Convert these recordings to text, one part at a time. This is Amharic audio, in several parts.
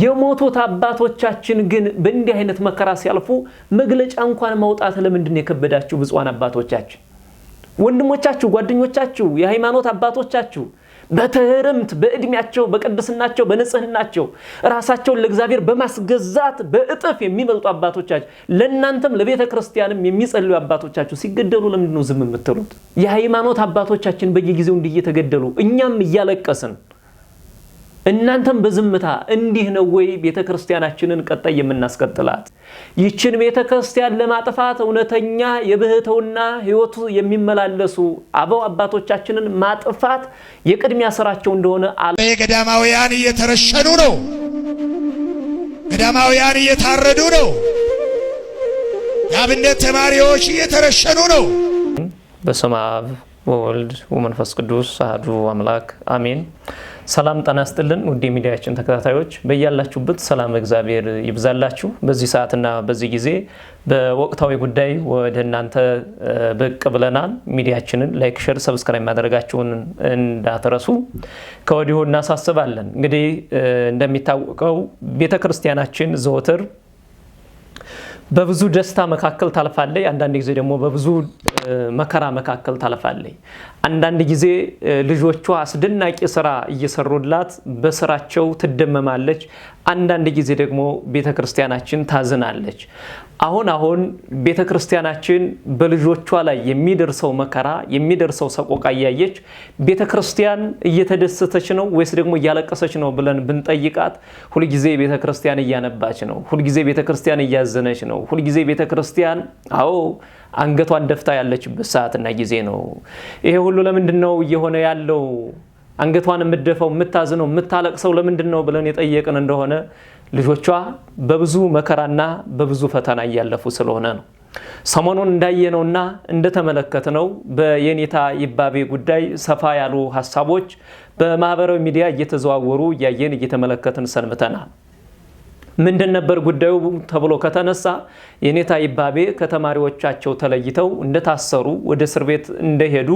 የሞቱት አባቶቻችን ግን በእንዲህ አይነት መከራ ሲያልፉ መግለጫ እንኳን ማውጣት ለምንድን የከበዳችሁ? ብፁዓን አባቶቻችን፣ ወንድሞቻችሁ፣ ጓደኞቻችሁ፣ የሃይማኖት አባቶቻችሁ በትህርምት በእድሜያቸው በቅድስናቸው በንጽህናቸው ራሳቸውን ለእግዚአብሔር በማስገዛት በእጥፍ የሚበልጡ አባቶቻችሁ ለእናንተም ለቤተ ክርስቲያንም የሚጸልዩ አባቶቻችሁ ሲገደሉ ለምንድን ነው ዝም የምትሉት? የሃይማኖት አባቶቻችን በየጊዜው እንዲህ እየተገደሉ እኛም እያለቀስን እናንተም በዝምታ እንዲህ ነው ወይ ቤተ ክርስቲያናችንን ቀጣይ የምናስቀጥላት? ይችን ቤተ ክርስቲያን ለማጥፋት እውነተኛ የብህተውና ህይወቱ የሚመላለሱ አበው አባቶቻችንን ማጥፋት የቅድሚያ ስራቸው እንደሆነ አለ። ገዳማውያን እየተረሸኑ ነው። ገዳማውያን እየታረዱ ነው። የአብነት ተማሪዎች እየተረሸኑ ነው። በስመ አብ ወወልድ ወመንፈስ ቅዱስ አህዱ አምላክ አሜን። ሰላም ጠና ስጥልን ውድ የሚዲያችን ተከታታዮች በያላችሁበት ሰላም እግዚአብሔር ይብዛላችሁ። በዚህ ሰዓትና በዚህ ጊዜ በወቅታዊ ጉዳይ ወደ እናንተ ብቅ ብለናል። ሚዲያችንን ላይክ፣ ሸር፣ ሰብስክራይብ ማድረጋችሁን እንዳትረሱ ከወዲሁ እናሳስባለን። እንግዲህ እንደሚታወቀው ቤተክርስቲያናችን ዘወትር በብዙ ደስታ መካከል ታልፋለች አንዳንድ ጊዜ ደግሞ በብዙ መከራ መካከል ታልፋለች። አንዳንድ ጊዜ ልጆቿ አስደናቂ ስራ እየሰሩላት በስራቸው ትደመማለች። አንዳንድ ጊዜ ደግሞ ቤተ ክርስቲያናችን ታዝናለች። አሁን አሁን ቤተ ክርስቲያናችን በልጆቿ ላይ የሚደርሰው መከራ የሚደርሰው ሰቆቃ እያየች ቤተ ክርስቲያን እየተደሰተች ነው ወይስ ደግሞ እያለቀሰች ነው ብለን ብንጠይቃት ሁልጊዜ ቤተ ክርስቲያን እያነባች ነው፣ ሁልጊዜ ቤተ ክርስቲያን እያዘነች ነው፣ ሁልጊዜ ቤተ ክርስቲያን አዎ አንገቷን ደፍታ ያለችበት ሰዓትና ጊዜ ነው። ይሄ ሁሉ ለምንድን ነው እየሆነ ያለው? አንገቷን የምደፈው የምታዝነው የምታለቅሰው ለምንድን ነው ብለን የጠየቅን እንደሆነ ልጆቿ በብዙ መከራና በብዙ ፈተና እያለፉ ስለሆነ ነው። ሰሞኑን እንዳየነውና እንደተመለከትነው በየኔታ ይባቤ ጉዳይ ሰፋ ያሉ ሀሳቦች በማህበራዊ ሚዲያ እየተዘዋወሩ እያየን እየተመለከትን ሰንብተናል። ምንድን ነበር ጉዳዩ ተብሎ ከተነሳ የኔታ ይባቤ ከተማሪዎቻቸው ተለይተው እንደታሰሩ ወደ እስር ቤት እንደሄዱ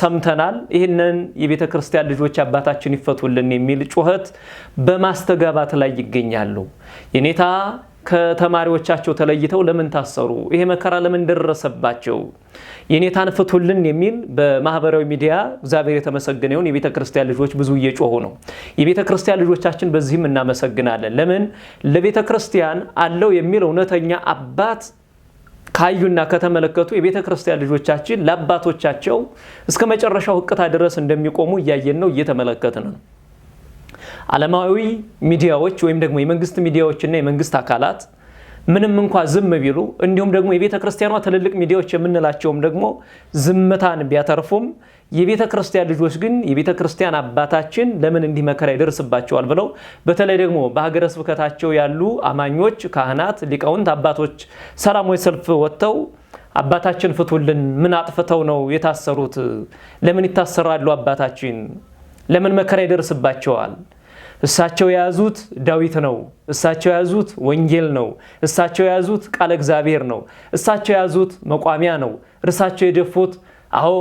ሰምተናል። ይህንን የቤተ ክርስቲያን ልጆች አባታችን ይፈቱልን የሚል ጩኸት በማስተጋባት ላይ ይገኛሉ። የኔታ ከተማሪዎቻቸው ተለይተው ለምን ታሰሩ? ይሄ መከራ ለምን ደረሰባቸው? የኔታን ፍቱልን የሚል በማህበራዊ ሚዲያ እግዚአብሔር የተመሰገነ የቤተ ክርስቲያን ልጆች ብዙ እየጮሁ ነው። የቤተ ክርስቲያን ልጆቻችን በዚህም እናመሰግናለን። ለምን ለቤተ ክርስቲያን አለው የሚል እውነተኛ አባት ካዩና ከተመለከቱ የቤተ ክርስቲያን ልጆቻችን ለአባቶቻቸው እስከ መጨረሻው ሕቅታ ድረስ እንደሚቆሙ እያየን ነው፣ እየተመለከትን ነው። ዓለማዊ ሚዲያዎች ወይም ደግሞ የመንግስት ሚዲያዎችና የመንግስት አካላት ምንም እንኳ ዝም ቢሉ እንዲሁም ደግሞ የቤተ ክርስቲያኗ ትልልቅ ሚዲያዎች የምንላቸውም ደግሞ ዝምታን ቢያተርፉም የቤተ ክርስቲያን ልጆች ግን የቤተ ክርስቲያን አባታችን ለምን እንዲህ መከራ ይደርስባቸዋል ብለው በተለይ ደግሞ በሀገረ ስብከታቸው ያሉ አማኞች፣ ካህናት፣ ሊቃውንት አባቶች ሰላማዊ ሰልፍ ወጥተው አባታችን ፍቱልን፣ ምን አጥፍተው ነው የታሰሩት? ለምን ይታሰራሉ? አባታችን ለምን መከራ ይደርስባቸዋል? እሳቸው የያዙት ዳዊት ነው። እሳቸው የያዙት ወንጌል ነው። እሳቸው የያዙት ቃለ እግዚአብሔር ነው። እሳቸው የያዙት መቋሚያ ነው። እርሳቸው የደፉት አዎ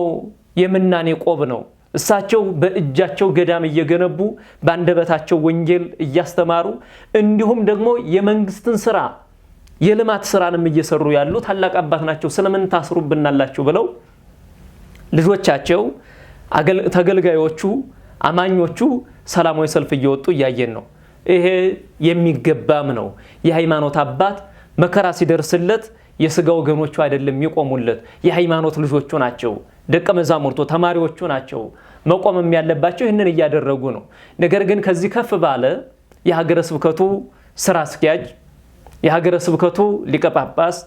የምናኔ ቆብ ነው። እሳቸው በእጃቸው ገዳም እየገነቡ በአንደበታቸው ወንጌል እያስተማሩ እንዲሁም ደግሞ የመንግስትን ስራ የልማት ስራንም እየሰሩ ያሉ ታላቅ አባት ናቸው። ስለምን ታስሩብናላችሁ ብለው ልጆቻቸው ተገልጋዮቹ አማኞቹ ሰላማዊ ሰልፍ እየወጡ እያየን ነው። ይሄ የሚገባም ነው። የሃይማኖት አባት መከራ ሲደርስለት የስጋ ወገኖቹ አይደለም የሚቆሙለት፣ የሃይማኖት ልጆቹ ናቸው። ደቀ መዛሙርቱ ተማሪዎቹ ናቸው። መቆምም ያለባቸው ይህንን እያደረጉ ነው። ነገር ግን ከዚህ ከፍ ባለ የሀገረ ስብከቱ ስራ አስኪያጅ፣ የሀገረ ስብከቱ ሊቀ ጳጳስ፣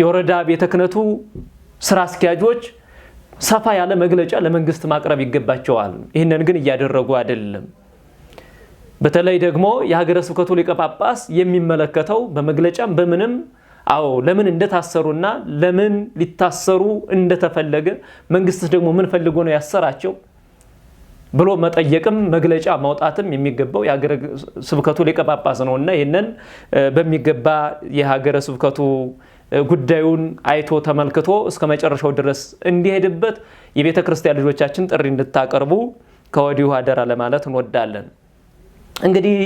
የወረዳ ቤተ ክህነቱ ስራ አስኪያጆች ሰፋ ያለ መግለጫ ለመንግስት ማቅረብ ይገባቸዋል። ይህንን ግን እያደረጉ አይደለም። በተለይ ደግሞ የሀገረ ስብከቱ ሊቀ ጳጳስ የሚመለከተው በመግለጫም በምንም አዎ ለምን እንደታሰሩና ለምን ሊታሰሩ እንደተፈለገ መንግስት ደግሞ ምን ፈልጎ ነው ያሰራቸው ብሎ መጠየቅም መግለጫ ማውጣትም የሚገባው የሀገረ ስብከቱ ሊቀ ጳጳስ ነው እና ይህንን በሚገባ የሀገረ ስብከቱ ጉዳዩን አይቶ ተመልክቶ እስከ መጨረሻው ድረስ እንዲሄድበት የቤተ ክርስቲያን ልጆቻችን ጥሪ እንድታቀርቡ ከወዲሁ አደራ ለማለት እንወዳለን። እንግዲህ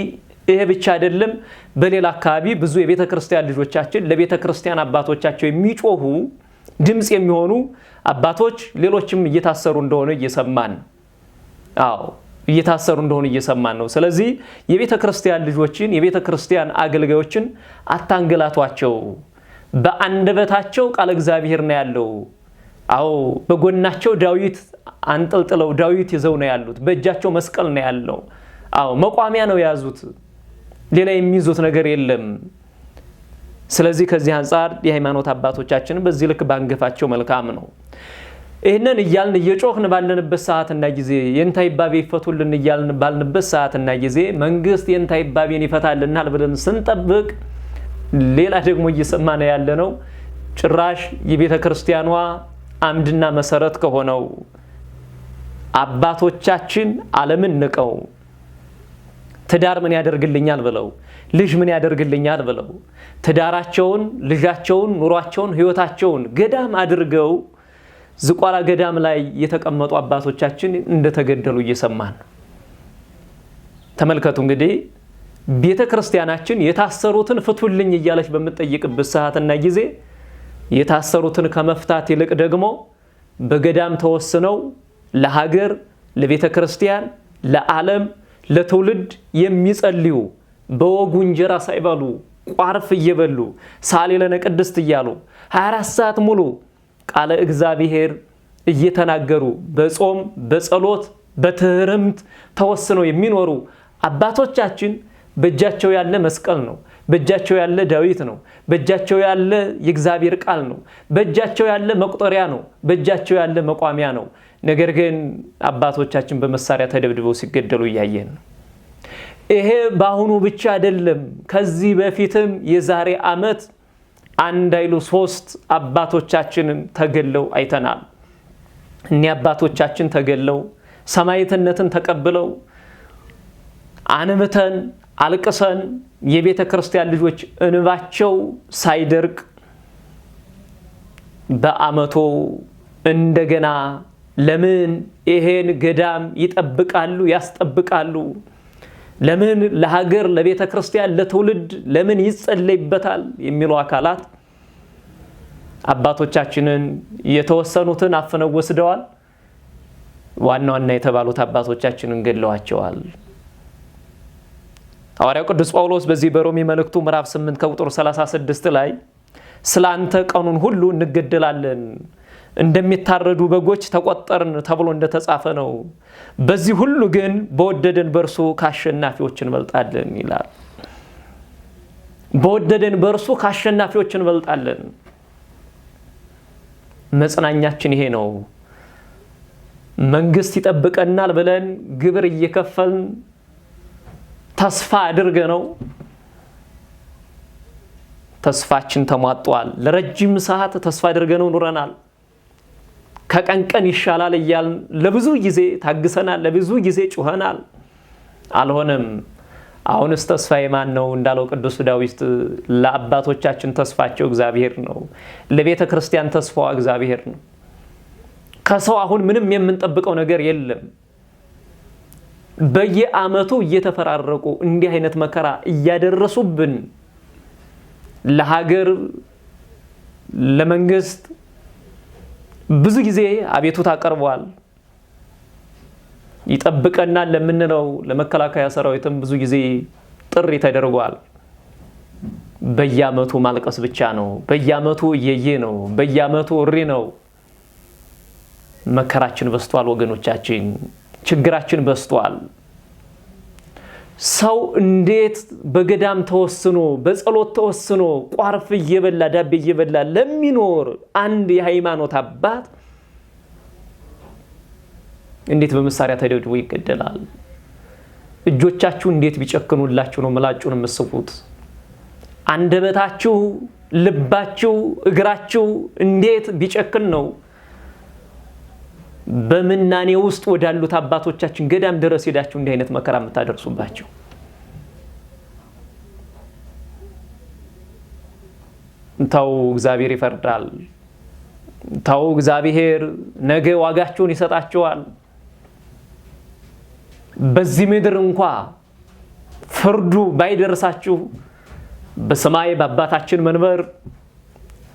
ይሄ ብቻ አይደለም። በሌላ አካባቢ ብዙ የቤተ ክርስቲያን ልጆቻችን ለቤተ ክርስቲያን አባቶቻቸው የሚጮሁ ድምፅ የሚሆኑ አባቶች ሌሎችም እየታሰሩ እንደሆነ እየሰማን አዎ እየታሰሩ እንደሆነ እየሰማን ነው። ስለዚህ የቤተ ክርስቲያን ልጆችን የቤተ ክርስቲያን አገልጋዮችን አታንገላቷቸው። በአንደበታቸው ቃል እግዚአብሔር ነው ያለው። አዎ በጎናቸው ዳዊት አንጠልጥለው ዳዊት ይዘው ነው ያሉት። በእጃቸው መስቀል ነው ያለው። አዎ መቋሚያ ነው የያዙት። ሌላ የሚይዙት ነገር የለም። ስለዚህ ከዚህ አንጻር የሃይማኖት አባቶቻችን በዚህ ልክ ባንገፋቸው መልካም ነው። ይህንን እያልን እየጮኽን ባለንበት ሰዓትና ጊዜ የንታ ይፈቱልን እያልን ባልንበት ሰዓትና ጊዜ መንግስት የንታ ይፈታልናል ብለን ስንጠብቅ ሌላ ደግሞ እየሰማን ያለ ነው ጭራሽ የቤተ ክርስቲያኗ አምድና መሰረት ከሆነው አባቶቻችን ዓለምን ንቀው ትዳር ምን ያደርግልኛል ብለው ልጅ ምን ያደርግልኛል ብለው ትዳራቸውን፣ ልጃቸውን፣ ኑሯቸውን፣ ህይወታቸውን ገዳም አድርገው ዝቋላ ገዳም ላይ የተቀመጡ አባቶቻችን እንደተገደሉ እየሰማን ነው። ተመልከቱ እንግዲህ ቤተ ክርስቲያናችን የታሰሩትን ፍቱልኝ እያለች በምትጠይቅበት ሰዓትና ጊዜ የታሰሩትን ከመፍታት ይልቅ ደግሞ በገዳም ተወስነው ለሀገር፣ ለቤተ ክርስቲያን፣ ለዓለም፣ ለትውልድ የሚጸልዩ በወጉ እንጀራ ሳይበሉ ቋርፍ እየበሉ ለነ ቅድስት እያሉ 24 ሰዓት ሙሉ ቃለ እግዚአብሔር እየተናገሩ በጾም በጸሎት በትህርምት ተወስነው የሚኖሩ አባቶቻችን በእጃቸው ያለ መስቀል ነው። በእጃቸው ያለ ዳዊት ነው። በእጃቸው ያለ የእግዚአብሔር ቃል ነው። በእጃቸው ያለ መቁጠሪያ ነው። በእጃቸው ያለ መቋሚያ ነው። ነገር ግን አባቶቻችን በመሳሪያ ተደብድበው ሲገደሉ እያየን ነው። ይሄ በአሁኑ ብቻ አይደለም። ከዚህ በፊትም የዛሬ ዓመት አንድ አይሉ ሶስት አባቶቻችንን ተገለው አይተናል። እኒህ አባቶቻችን ተገለው ሰማዕትነትን ተቀብለው አንብተን አልቅሰን የቤተ ክርስቲያን ልጆች እንባቸው ሳይደርቅ በአመቶ እንደገና ለምን ይሄን ገዳም ይጠብቃሉ ያስጠብቃሉ? ለምን ለሀገር፣ ለቤተ ክርስቲያን፣ ለትውልድ ለምን ይጸለይበታል የሚሉ አካላት አባቶቻችንን የተወሰኑትን አፍነው ወስደዋል። ዋና ዋና የተባሉት አባቶቻችንን ገድለዋቸዋል። ሐዋርያው ቅዱስ ጳውሎስ በዚህ በሮሜ መልእክቱ ምዕራፍ 8 ከቁጥር 36 ላይ ስለ አንተ ቀኑን ሁሉ እንገደላለን፣ እንደሚታረዱ በጎች ተቆጠርን ተብሎ እንደተጻፈ ነው። በዚህ ሁሉ ግን በወደደን በእርሱ ከአሸናፊዎች እንበልጣለን ይላል። በወደደን በእርሱ ከአሸናፊዎች እንበልጣለን። መጽናኛችን ይሄ ነው። መንግስት ይጠብቀናል ብለን ግብር እየከፈልን ተስፋ አድርገ ነው ተስፋችን ተሟጧል። ለረጅም ሰዓት ተስፋ አድርገ ነው ኑረናል። ከቀን ቀን ይሻላል እያልን ለብዙ ጊዜ ታግሰናል። ለብዙ ጊዜ ጩኸናል። አልሆነም። አሁንስ ተስፋ የማን ነው እንዳለው ቅዱስ ዳዊት ለአባቶቻችን ተስፋቸው እግዚአብሔር ነው። ለቤተ ክርስቲያን ተስፋዋ እግዚአብሔር ነው። ከሰው አሁን ምንም የምንጠብቀው ነገር የለም። በየአመቱ እየተፈራረቁ እንዲህ አይነት መከራ እያደረሱብን ለሀገር ለመንግስት ብዙ ጊዜ አቤቱታ ቀርቧል። ይጠብቀናል ለምንለው ለመከላከያ ሰራዊትም ብዙ ጊዜ ጥሪ ተደርጓል። በየአመቱ ማልቀስ ብቻ ነው። በየአመቱ እየዬ ነው። በየአመቱ እሪ ነው። መከራችን በስቷል ወገኖቻችን። ችግራችን በስቷል። ሰው እንዴት በገዳም ተወስኖ በጸሎት ተወስኖ ቋርፍ እየበላ ዳቤ እየበላ ለሚኖር አንድ የሃይማኖት አባት እንዴት በመሳሪያ ተደብድቦ ይገደላል? እጆቻችሁ እንዴት ቢጨክኑላችሁ ነው ምላጩን የምስቡት? አንደበታችሁ፣ ልባችሁ፣ እግራችሁ እንዴት ቢጨክን ነው በምናኔ ውስጥ ወዳሉት አባቶቻችን ገዳም ድረስ ሄዳችሁ እንዲህ አይነት መከራ የምታደርሱባቸው ተው እግዚአብሔር ይፈርዳል። ተው እግዚአብሔር ነገ ዋጋችሁን ይሰጣችኋል። በዚህ ምድር እንኳ ፍርዱ ባይደርሳችሁ በሰማይ በአባታችን መንበር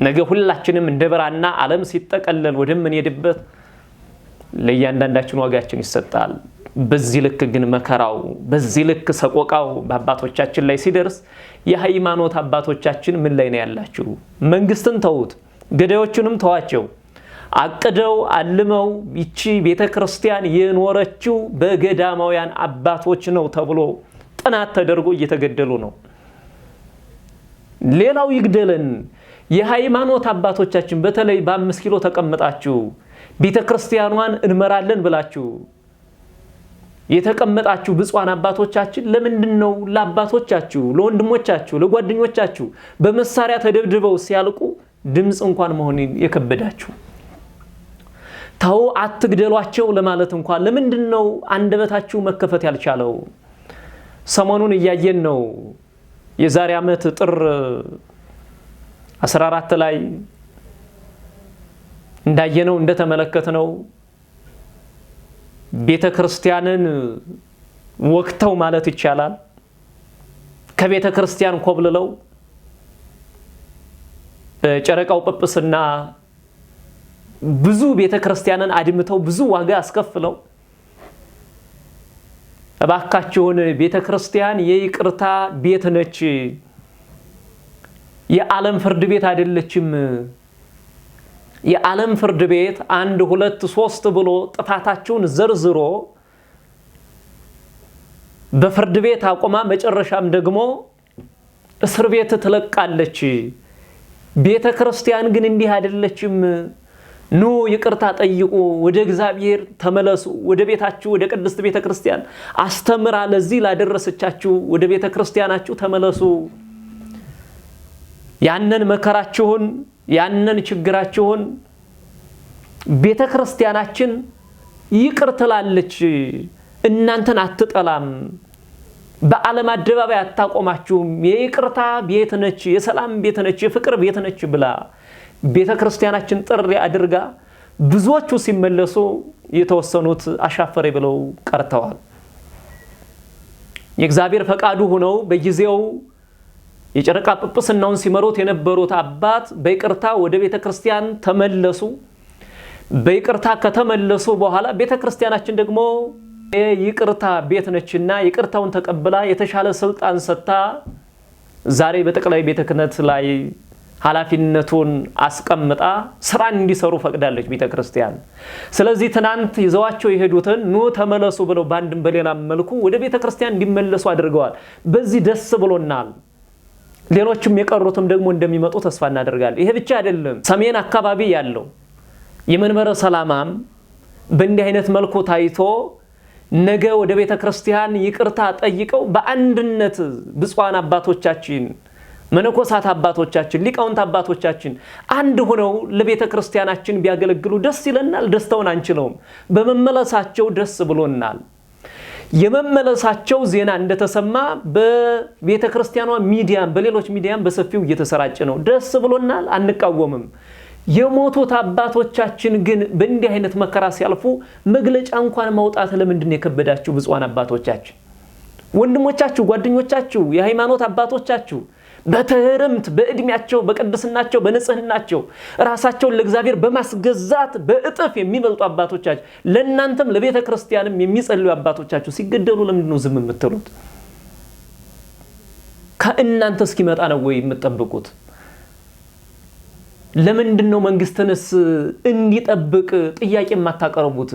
ነገ ሁላችንም እንደ ብራና ዓለም ሲጠቀለል ወደምንሄድበት ለእያንዳንዳችን ዋጋችን ይሰጣል። በዚህ ልክ ግን መከራው፣ በዚህ ልክ ሰቆቃው በአባቶቻችን ላይ ሲደርስ የሃይማኖት አባቶቻችን ምን ላይ ነው ያላችሁ? መንግስትን ተዉት፣ ገዳዮቹንም ተዋቸው። አቅደው አልመው ይቺ ቤተ ክርስቲያን የኖረችው በገዳማውያን አባቶች ነው ተብሎ ጥናት ተደርጎ እየተገደሉ ነው። ሌላው ይግደለን። የሃይማኖት አባቶቻችን በተለይ በአምስት ኪሎ ተቀምጣችሁ ቤተ ክርስቲያኗን እንመራለን ብላችሁ የተቀመጣችሁ ብፁዓን አባቶቻችን ለምንድን ነው ለአባቶቻችሁ፣ ለወንድሞቻችሁ፣ ለጓደኞቻችሁ በመሳሪያ ተደብድበው ሲያልቁ ድምፅ እንኳን መሆን የከበዳችሁ? ተው አትግደሏቸው ለማለት እንኳን ለምንድን ነው አንደበታችሁ መከፈት ያልቻለው? ሰሞኑን እያየን ነው። የዛሬ ዓመት ጥር 14 ላይ እንዳየነው እንደተመለከትነው ቤተ ክርስቲያንን ወክተው ማለት ይቻላል ከቤተ ክርስቲያን ኮብልለው ጨረቃው ጵጵስና ብዙ ቤተ ክርስቲያንን አድምተው ብዙ ዋጋ አስከፍለው እባካችሁን ቤተ ክርስቲያን የይቅርታ ቤት ነች፣ የዓለም ፍርድ ቤት አይደለችም የዓለም ፍርድ ቤት አንድ ሁለት ሶስት ብሎ ጥፋታችሁን ዘርዝሮ በፍርድ ቤት አቁማ መጨረሻም ደግሞ እስር ቤት ትለቃለች። ቤተ ክርስቲያን ግን እንዲህ አይደለችም። ኑ ይቅርታ ጠይቁ፣ ወደ እግዚአብሔር ተመለሱ፣ ወደ ቤታችሁ ወደ ቅድስት ቤተ ክርስቲያን አስተምራ ለዚህ ላደረሰቻችሁ ወደ ቤተ ክርስቲያናችሁ ተመለሱ። ያንን መከራችሁን ያንን ችግራችሁን ቤተ ክርስቲያናችን ይቅር ትላለች፣ እናንተን አትጠላም፣ በዓለም አደባባይ አታቆማችሁም፣ የይቅርታ ቤት ነች፣ የሰላም ቤት ነች፣ የፍቅር ቤት ነች ብላ ቤተ ክርስቲያናችን ጥሪ አድርጋ ብዙዎቹ ሲመለሱ የተወሰኑት አሻፈሬ ብለው ቀርተዋል። የእግዚአብሔር ፈቃዱ ሆነው በጊዜው የጨረቃ ጵጵስናውን ሲመሩት የነበሩት አባት በይቅርታ ወደ ቤተ ክርስቲያን ተመለሱ። በይቅርታ ከተመለሱ በኋላ ቤተ ክርስቲያናችን ደግሞ የይቅርታ ቤት ነችና ይቅርታውን ተቀብላ የተሻለ ስልጣን ሰጥታ ዛሬ በጠቅላይ ቤተ ክህነት ላይ ኃላፊነቱን አስቀምጣ ስራ እንዲሰሩ ፈቅዳለች ቤተ ክርስቲያን። ስለዚህ ትናንት ይዘዋቸው የሄዱትን ኑ ተመለሱ ብለው በአንድም በሌላም መልኩ ወደ ቤተ ክርስቲያን እንዲመለሱ አድርገዋል። በዚህ ደስ ብሎናል። ሌሎችም የቀሩትም ደግሞ እንደሚመጡ ተስፋ እናደርጋለን። ይሄ ብቻ አይደለም። ሰሜን አካባቢ ያለው የመንበረ ሰላማም በእንዲህ አይነት መልኩ ታይቶ ነገ ወደ ቤተ ክርስቲያን ይቅርታ ጠይቀው በአንድነት ብፁዓን አባቶቻችን መነኮሳት አባቶቻችን ሊቃውንት አባቶቻችን አንድ ሆነው ለቤተ ክርስቲያናችን ቢያገለግሉ ደስ ይለናል። ደስታውን አንችለውም። በመመለሳቸው ደስ ብሎናል። የመመለሳቸው ዜና እንደተሰማ በቤተ ክርስቲያኗ ሚዲያም በሌሎች ሚዲያም በሰፊው እየተሰራጨ ነው። ደስ ብሎናል፣ አንቃወምም። የሞቱት አባቶቻችን ግን በእንዲህ አይነት መከራ ሲያልፉ መግለጫ እንኳን ማውጣት ለምንድን የከበዳችሁ? ብፁዓን አባቶቻችን ወንድሞቻችሁ፣ ጓደኞቻችሁ፣ የሃይማኖት አባቶቻችሁ በትህርምት በእድሜያቸው በቅድስናቸው በንጽህናቸው ራሳቸውን ለእግዚአብሔር በማስገዛት በእጥፍ የሚበልጡ አባቶቻችሁ ለእናንተም ለቤተ ክርስቲያንም የሚጸልዩ አባቶቻችሁ ሲገደሉ ለምንድን ነው ዝም የምትሉት? ከእናንተ እስኪመጣ ነው ወይ የምትጠብቁት? ለምንድን ነው መንግስትንስ እንዲጠብቅ ጥያቄ የማታቀርቡት?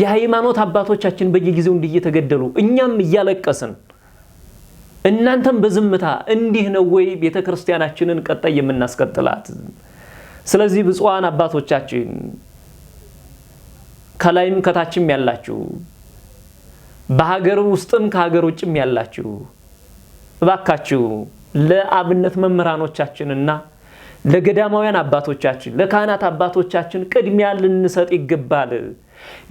የሃይማኖት አባቶቻችን በየጊዜው እንዲህ እየተገደሉ እኛም እያለቀስን እናንተም በዝምታ እንዲህ ነው ወይ ቤተ ክርስቲያናችንን ቀጣይ የምናስቀጥላት? ስለዚህ ብፁዓን አባቶቻችን ከላይም ከታችም ያላችሁ በሀገር ውስጥም ከሀገር ውጭም ያላችሁ እባካችሁ ለአብነት መምህራኖቻችንና ለገዳማውያን አባቶቻችን ለካህናት አባቶቻችን ቅድሚያ ልንሰጥ ይገባል።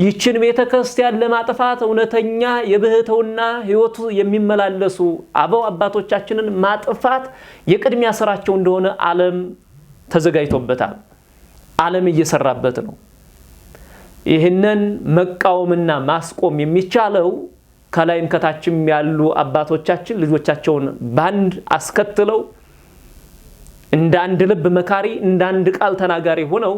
ይችን ቤተ ክርስቲያን ለማጥፋት እውነተኛ የብህተውና ህይወቱ የሚመላለሱ አበው አባቶቻችንን ማጥፋት የቅድሚያ ስራቸው እንደሆነ ዓለም ተዘጋጅቶበታል። ዓለም እየሰራበት ነው። ይህንን መቃወምና ማስቆም የሚቻለው ከላይም ከታችም ያሉ አባቶቻችን ልጆቻቸውን ባንድ አስከትለው እንደ አንድ ልብ መካሪ፣ እንደ አንድ ቃል ተናጋሪ ሆነው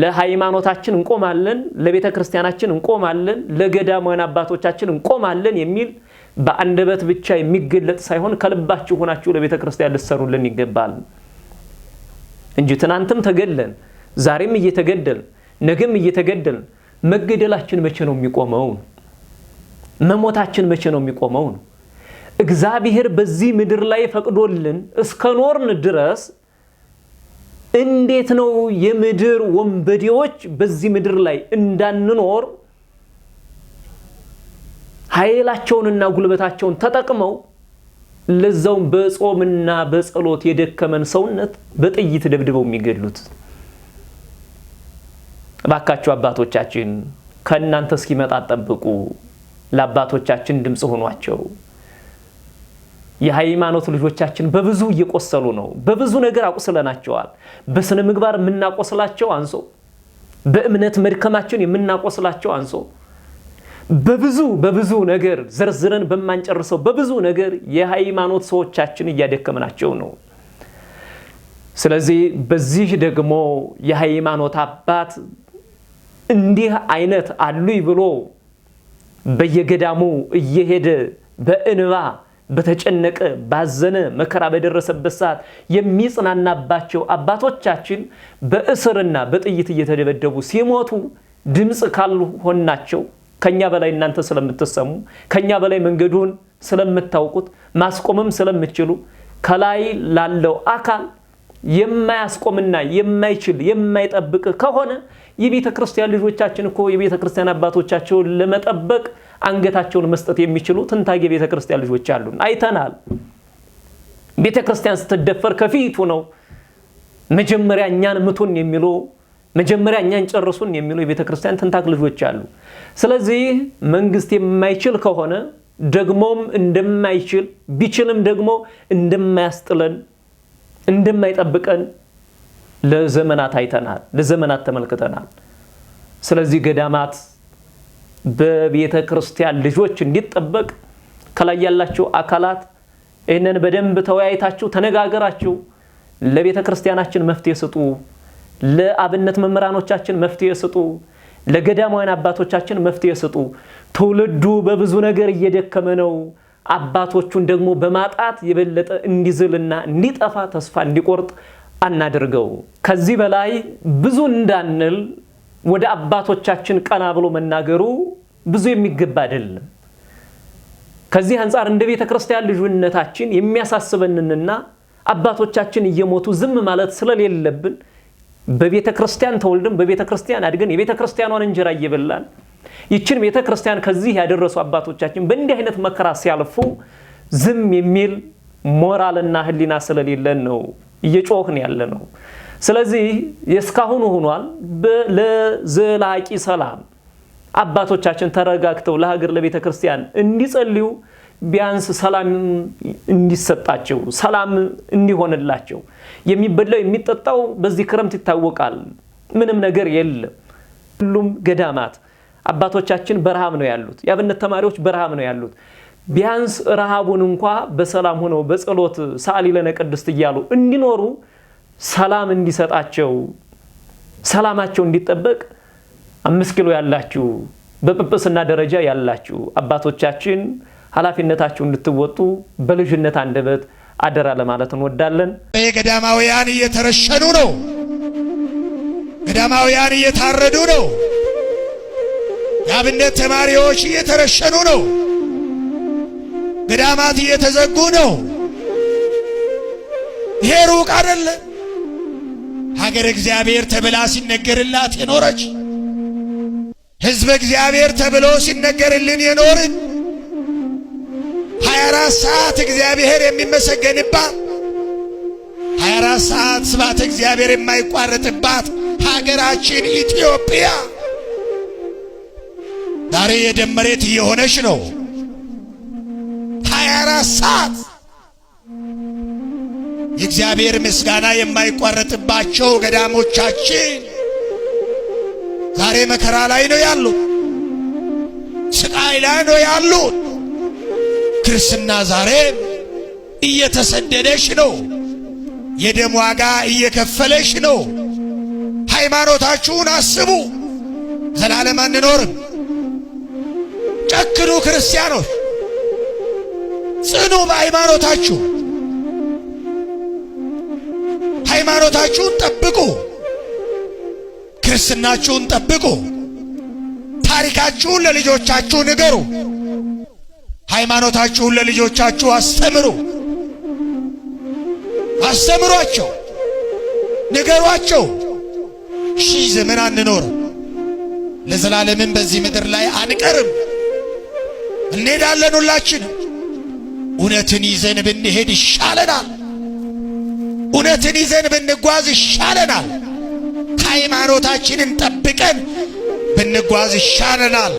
ለሃይማኖታችን እንቆማለን፣ ለቤተ ክርስቲያናችን እንቆማለን፣ ለገዳማውያን አባቶቻችን እንቆማለን የሚል በአንደበት ብቻ የሚገለጥ ሳይሆን ከልባችሁ ሆናችሁ ለቤተ ክርስቲያን ልትሰሩልን ይገባል እንጂ ትናንትም ተገለን ዛሬም እየተገደልን ነገም እየተገደልን መገደላችን መቼ ነው የሚቆመው? መሞታችን መቼ ነው የሚቆመው? እግዚአብሔር በዚህ ምድር ላይ ፈቅዶልን እስከ ኖርን ድረስ እንዴት ነው የምድር ወንበዴዎች በዚህ ምድር ላይ እንዳንኖር ኃይላቸውንና ጉልበታቸውን ተጠቅመው ለዛውም በጾምና በጸሎት የደከመን ሰውነት በጥይት ደብድበው የሚገድሉት? እባካችሁ አባቶቻችን ከእናንተ እስኪመጣ ጠብቁ። ለአባቶቻችን ድምፅ ሆኗቸው። የሃይማኖት ልጆቻችን በብዙ እየቆሰሉ ነው። በብዙ ነገር አቁስለናቸዋል። በስነ ምግባር የምናቆስላቸው አንሶ፣ በእምነት መድከማችን የምናቆስላቸው አንሶ፣ በብዙ በብዙ ነገር ዘርዝረን በማንጨርሰው በብዙ ነገር የሃይማኖት ሰዎቻችን እያደከምናቸው ነው። ስለዚህ በዚህ ደግሞ የሃይማኖት አባት እንዲህ አይነት አሉይ ብሎ በየገዳሙ እየሄደ በእንባ በተጨነቀ ባዘነ መከራ በደረሰበት ሰዓት የሚጽናናባቸው አባቶቻችን በእስርና በጥይት እየተደበደቡ ሲሞቱ ድምፅ ካልሆናቸው ከኛ በላይ እናንተ ስለምትሰሙ ከኛ በላይ መንገዱን ስለምታውቁት ማስቆምም ስለምችሉ ከላይ ላለው አካል የማያስቆምና የማይችል የማይጠብቅ ከሆነ የቤተ ክርስቲያን ልጆቻችን እኮ የቤተ ክርስቲያን አባቶቻቸውን ለመጠበቅ አንገታቸውን መስጠት የሚችሉ ትንታጌ ቤተ ክርስቲያን ልጆች አሉን፣ አይተናል። ቤተ ክርስቲያን ስትደፈር ከፊቱ ነው መጀመሪያ እኛን ምቱን የሚሉ መጀመሪያ እኛን ጨርሱን የሚሉ የቤተ ክርስቲያን ትንታግ ልጆች አሉ። ስለዚህ መንግስት የማይችል ከሆነ ደግሞም እንደማይችል ቢችልም ደግሞ እንደማያስጥለን እንደማይጠብቀን ለዘመናት አይተናል፣ ለዘመናት ተመልክተናል። ስለዚህ ገዳማት በቤተ ክርስቲያን ልጆች እንዲጠበቅ ከላይ ያላችሁ አካላት ይህንን በደንብ ተወያይታችሁ ተነጋገራችሁ ለቤተ ክርስቲያናችን መፍትሄ ስጡ፣ ለአብነት መምህራኖቻችን መፍትሄ ስጡ፣ ለገዳማውያን አባቶቻችን መፍትሄ ስጡ። ትውልዱ በብዙ ነገር እየደከመ ነው። አባቶቹን ደግሞ በማጣት የበለጠ እንዲዝልና እንዲጠፋ ተስፋ እንዲቆርጥ አናድርገው። ከዚህ በላይ ብዙ እንዳንል ወደ አባቶቻችን ቀና ብሎ መናገሩ ብዙ የሚገባ አይደለም። ከዚህ አንጻር እንደ ቤተ ክርስቲያን ልጅነታችን የሚያሳስበንንና አባቶቻችን እየሞቱ ዝም ማለት ስለሌለብን በቤተ ክርስቲያን ተወልደን በቤተ ክርስቲያን አድገን የቤተ ክርስቲያኗን እንጀራ እየበላን ይችን ቤተ ክርስቲያን ከዚህ ያደረሱ አባቶቻችን በእንዲህ አይነት መከራ ሲያልፉ ዝም የሚል ሞራልና ሕሊና ስለሌለን ነው እየጮህን ያለ ነው። ስለዚህ የእስካሁኑ ሆኗል። ለዘላቂ ሰላም አባቶቻችን ተረጋግተው ለሀገር ለቤተ ክርስቲያን እንዲጸልዩ ቢያንስ ሰላም እንዲሰጣቸው ሰላም እንዲሆንላቸው የሚበላው የሚጠጣው በዚህ ክረምት ይታወቃል። ምንም ነገር የለም። ሁሉም ገዳማት አባቶቻችን በረሃብ ነው ያሉት። የአብነት ተማሪዎች በረሃብ ነው ያሉት። ቢያንስ ረሃቡን እንኳ በሰላም ሆነው በጸሎት ሰአሊ ለነ ቅድስት እያሉ እንዲኖሩ ሰላም እንዲሰጣቸው ሰላማቸው እንዲጠበቅ አምስት ኪሎ ያላችሁ በጵጵስና ደረጃ ያላችሁ አባቶቻችን ኃላፊነታችሁ እንድትወጡ በልጅነት አንደበት አደራ ለማለት እንወዳለን። ገዳማውያን እየተረሸኑ ነው። ገዳማውያን እየታረዱ ነው። የአብነት ተማሪዎች እየተረሸኑ ነው። ገዳማት እየተዘጉ ነው። ይሄ ሩቅ አይደለም። ሀገር እግዚአብሔር ተብላ ሲነገርላት የኖረች ህዝብ እግዚአብሔር ተብሎ ሲነገርልን የኖርን አራት ሰዓት እግዚአብሔር የሚመሰገንባት አራት ሰዓት ስባት እግዚአብሔር የማይቋረጥባት ሀገራችን ኢትዮጵያ ዛሬ የደመሬት እየሆነች ነው አራት ሰዓት የእግዚአብሔር ምስጋና የማይቋረጥባቸው ገዳሞቻችን ዛሬ መከራ ላይ ነው ያሉት፣ ስቃይ ላይ ነው ያሉት። ክርስትና ዛሬ እየተሰደደች ነው። የደም ዋጋ እየከፈለች ነው። ሃይማኖታችሁን አስቡ። ዘላለም አንኖርም። ጨክኑ ክርስቲያኖች፣ ጽኑ በሃይማኖታችሁ። ሃይማኖታችሁን ጠብቁ፣ ክርስትናችሁን ጠብቁ፣ ታሪካችሁን ለልጆቻችሁ ንገሩ፣ ሃይማኖታችሁን ለልጆቻችሁ አስተምሩ። አስተምሯቸው፣ ንገሯቸው። ሺ ዘመን አንኖር፣ ለዘላለምን በዚህ ምድር ላይ አንቀርም፣ እንሄዳለን። ሁላችን እውነትን ይዘን ብንሄድ ይሻለናል። እውነትን ይዘን ብንጓዝ ይሻለናል። ሃይማኖታችንን ጠብቀን ብንጓዝ ይሻለናል።